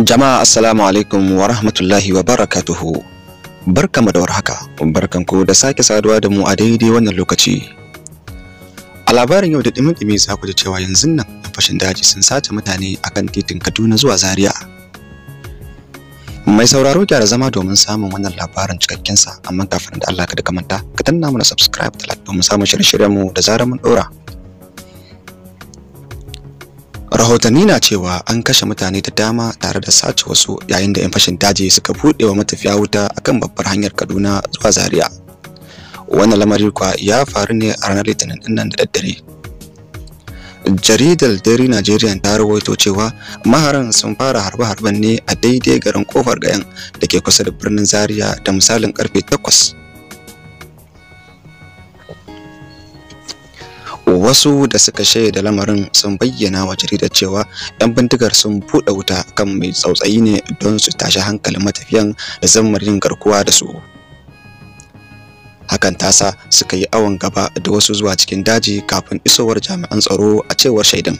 Jama'a assalamu alaikum wa rahmatullahi wa barakatuhu. Barkamu da warhaka, barkanku da sake saduwa da mu a daidai wannan lokaci. A labarin yau da ɗimin dimi za ku ji cewa yanzu nan yan fashin daji sun sace mutane akan titin Kaduna zuwa Zaria. Mai sauraro gyara zama domin samun wannan labarin cikakkensa, amma kafin da Allah ka da kamanta, ka danna mana subscribe da like domin samun shirye-shiryenmu da zarar mun ɗora. rahotanni na cewa an kashe mutane da dama tare da sace wasu yayin da 'yan fashin daji suka buɗe wa matafiya wuta akan babbar hanyar kaduna zuwa zaria wannan lamari kuwa ya faru ne a ranar litinin nan da daddare jaridar dare Najeriya ta rawaito cewa maharan sun fara harbe-harben ne a daidai garin kofar gayan da ke kusa da birnin zaria da misalin karfe 8 wasu da suka shaida lamarin sun bayyana wa jaridar cewa 'yan bindigar sun buɗe wuta kan mai tsautsayi ne don su tashi hankalin matafiyan da yin garkuwa da su hakan tasa suka yi awon gaba da wasu zuwa cikin daji kafin isowar jami'an tsaro a cewar shaidan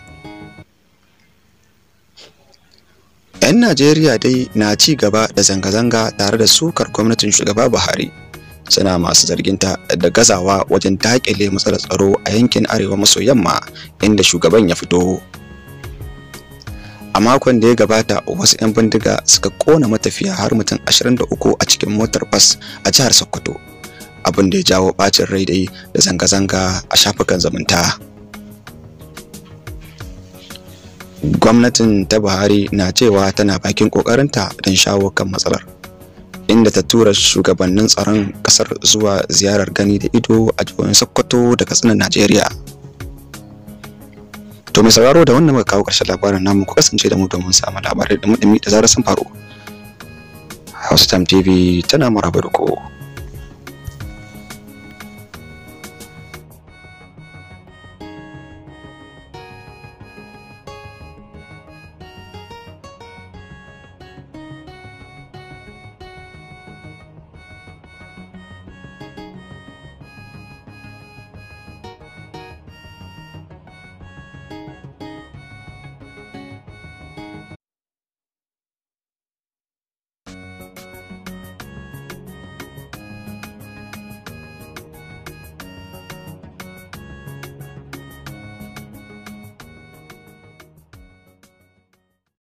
'yan najeriya dai na ci gaba da zanga-zanga tare da sukar gwamnatin shugaba buhari suna masu zarginta da gazawa wajen dakile matsalar tsaro a yankin arewa maso yamma inda shugaban ya fito a makon da ya gabata wasu 'yan bindiga suka kona matafiya har mutum 23 a cikin motar bas a jihar sokoto abin da ya jawo bacin rai dai da zanga-zanga a shafukan zumunta gwamnatin ta buhari na cewa tana bakin kokarinta don shawo kan matsalar inda ta tura shugabannin tsaron kasar zuwa ziyarar gani da ido a jihohin Sokoto da Katsina Najeriya. To mai sauraro da wannan muka kawo ƙarshen labarin namu ku kasance da mu domin samu labarai da mu da zarar sun faru. Hausa Time TV tana maraba da ku.